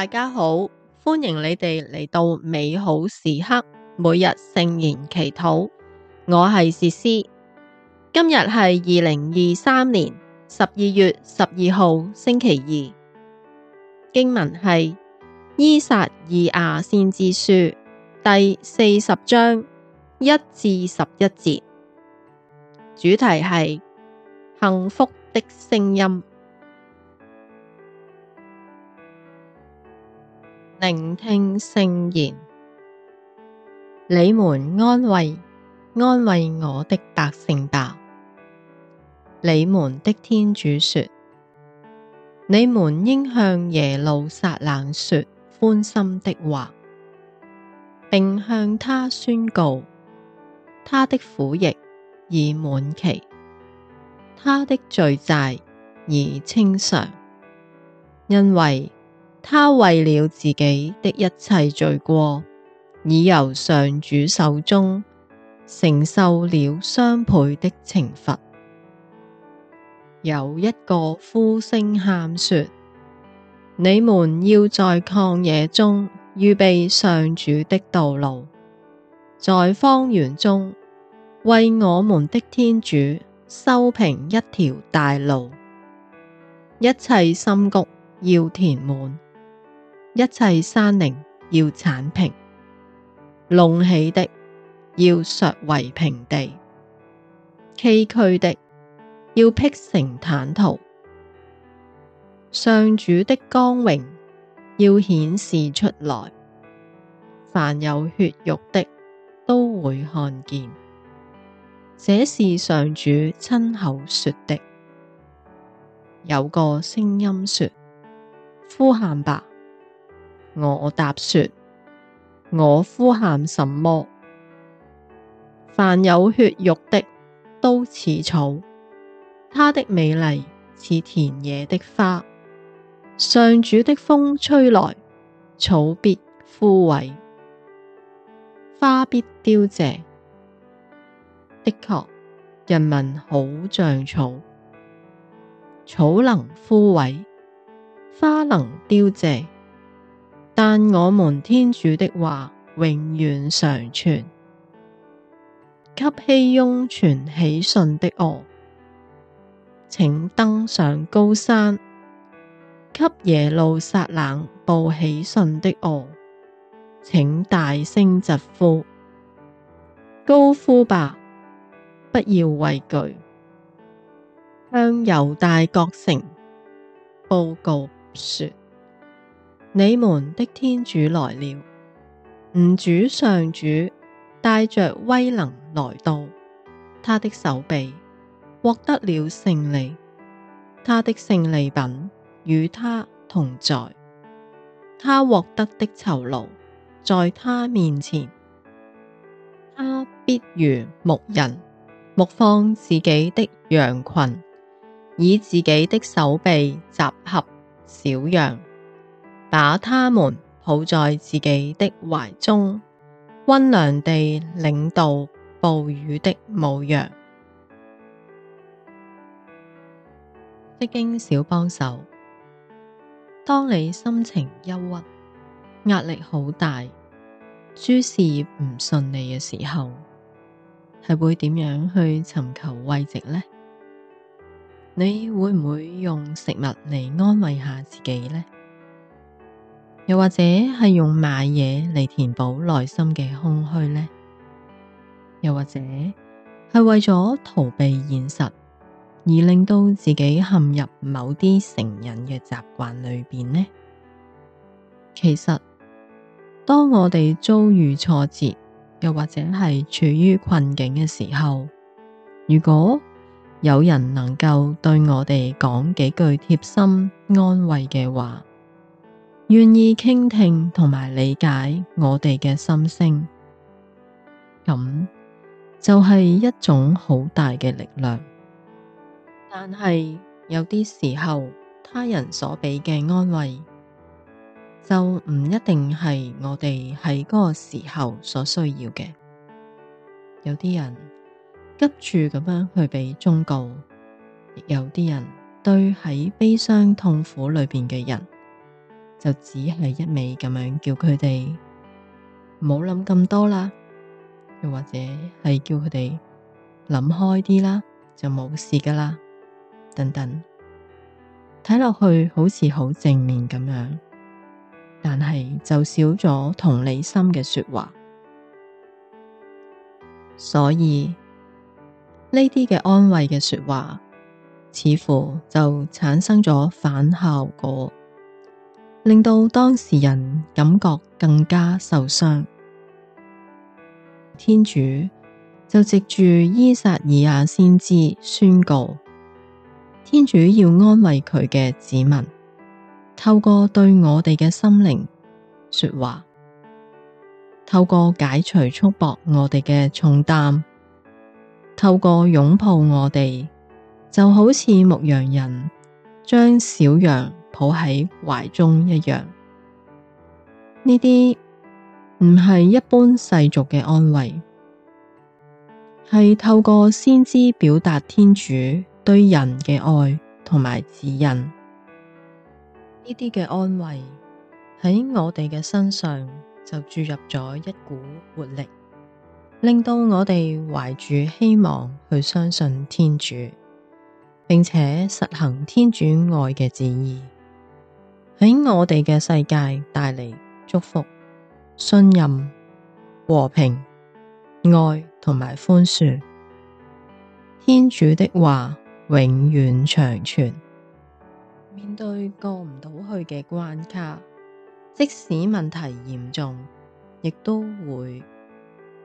大家好，歡迎你哋嚟到美好時刻，每日聖言祈禱。我係薛詩，今日係二零二三年十二月十二號星期二。經文係《依撒意亞先知書》第四十章一至十一節，主題係幸福的聲音。聆聽聖言，你們安慰安慰我的百姓吧。你們的天主說，你們應向耶路撒冷說寬心的話，並向她宣告她的苦役已滿期，她的罪債已清償，因為。他為了自己的一切罪過，已由上主手中承受了雙倍的懲罰。有一個呼聲喊說：你們要在曠野中預備上主的道路，在荒原中為我們的天主修平一條大路，一切深谷要填滿。一切山陵要鏟平，隆起的要削為平地，崎嶇的要闢成坦途，上主的光榮要顯示出來，凡有血肉的都會看見，這是上主親口說的。有個聲音說：呼喊吧！我答說：我呼喊什麼？凡有血肉的都似草，他的美麗似田野的花。上主的風吹來，草必枯萎，花必凋謝。的確，人民好像草，草能枯萎，花能凋謝。但我們天主的話永遠常存，給熙雍傳喜訊的我，請登上高山；給耶路撒冷報喜訊的我，請大聲疾呼，高呼吧，不要畏懼，向猶大各城報告說。你們的天主來了，吾主上主帶着威能來到，他的手臂獲得了勝利，他的勝利品與他同在，他獲得的酬勞在他面前，他必如牧人，牧放自己的羊群，以自己的手臂集合小羊。把他們抱在自己的懷中，温良地領導哺乳的母羊。釋經小幫手。當你心情憂鬱、壓力好大、諸事唔順利嘅時候，係會點樣去尋求慰藉呢？你會唔會用食物嚟安慰下自己呢？又或者係用買嘢嚟填補內心嘅空虛呢？又或者係為咗逃避現實而令到自己陷入某啲成癮嘅習慣裏邊呢？其實，當我哋遭遇挫折，又或者係處於困境嘅時候，如果有人能夠對我哋講幾句貼心安慰嘅話，願意傾聽同埋理解我哋嘅心聲，噉，就係一種好大嘅力量。但係，有啲時候，他人所畀嘅安慰，就唔一定係我哋喺嗰個時候所需要嘅。有啲人，急住噉樣去畀忠告，有啲人，對喺悲傷痛苦裏面嘅人，就只係一味咁樣叫佢哋唔好諗咁多啦，又或者係叫佢哋諗開啲啦，就冇事噶啦，等等。睇落去好似好正面咁樣，但係就少咗同理心嘅說話，所以呢啲嘅安慰嘅說話，似乎就產生咗反效果。令到當事人感覺更加受傷，天主就藉住依撒意亞先知宣告：天主要安慰佢嘅子民，透過對我哋嘅心靈說話，透過解除束縛我哋嘅重擔，透過擁抱我哋，就好似牧羊人將小羊。抱喺懷中一樣，呢啲唔係一般世俗嘅安慰，係透過先知表達天主對人嘅愛同埋指引。呢啲嘅安慰喺我哋嘅身上就注入咗一股活力，令到我哋懷住希望去相信天主，並且實行天主愛嘅旨意。喺我哋嘅世界帶嚟祝福、信任、和平、愛同埋寬恕。天主的話永遠長存。面對過唔到去嘅關卡，即使問題嚴重，亦都會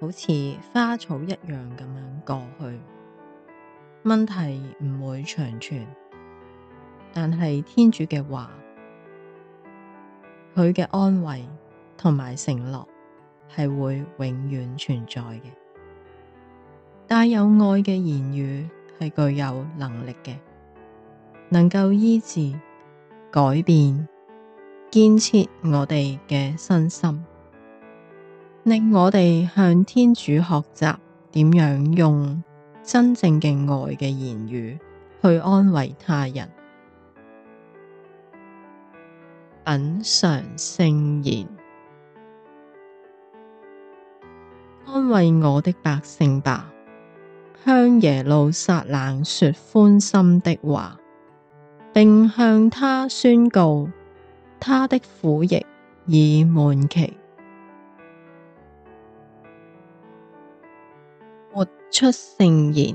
好似花草一樣咁樣過去。問題唔會長存，但係天主嘅話。佢嘅安慰同埋承諾係會永遠存在嘅，帶有愛嘅言語係具有能力嘅，能夠醫治、改變、建設我哋嘅身心，令我哋向天主學習點樣用真正嘅愛嘅言語去安慰他人。品嚐聖言，安慰我的百姓吧，向耶路撒冷說寬心的話，並向他宣告他的苦役已滿期。活出聖言，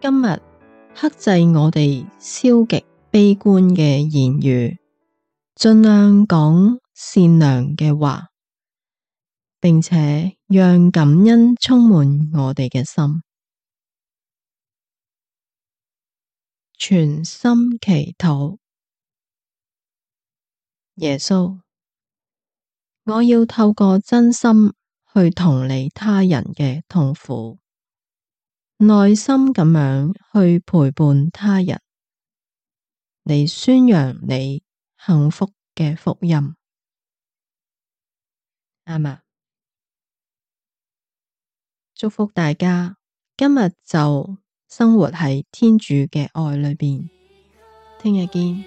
今日克制我哋消極悲觀嘅言語，盡量講善良嘅話，並且讓感恩充滿我哋嘅心，全心祈禱耶穌。我要透過真心去同理他人嘅痛苦，耐心咁樣去陪伴他人。嚟宣揚你幸福嘅福音，阿們，祝福大家，今日就生活喺天主嘅愛裏邊，聽日見。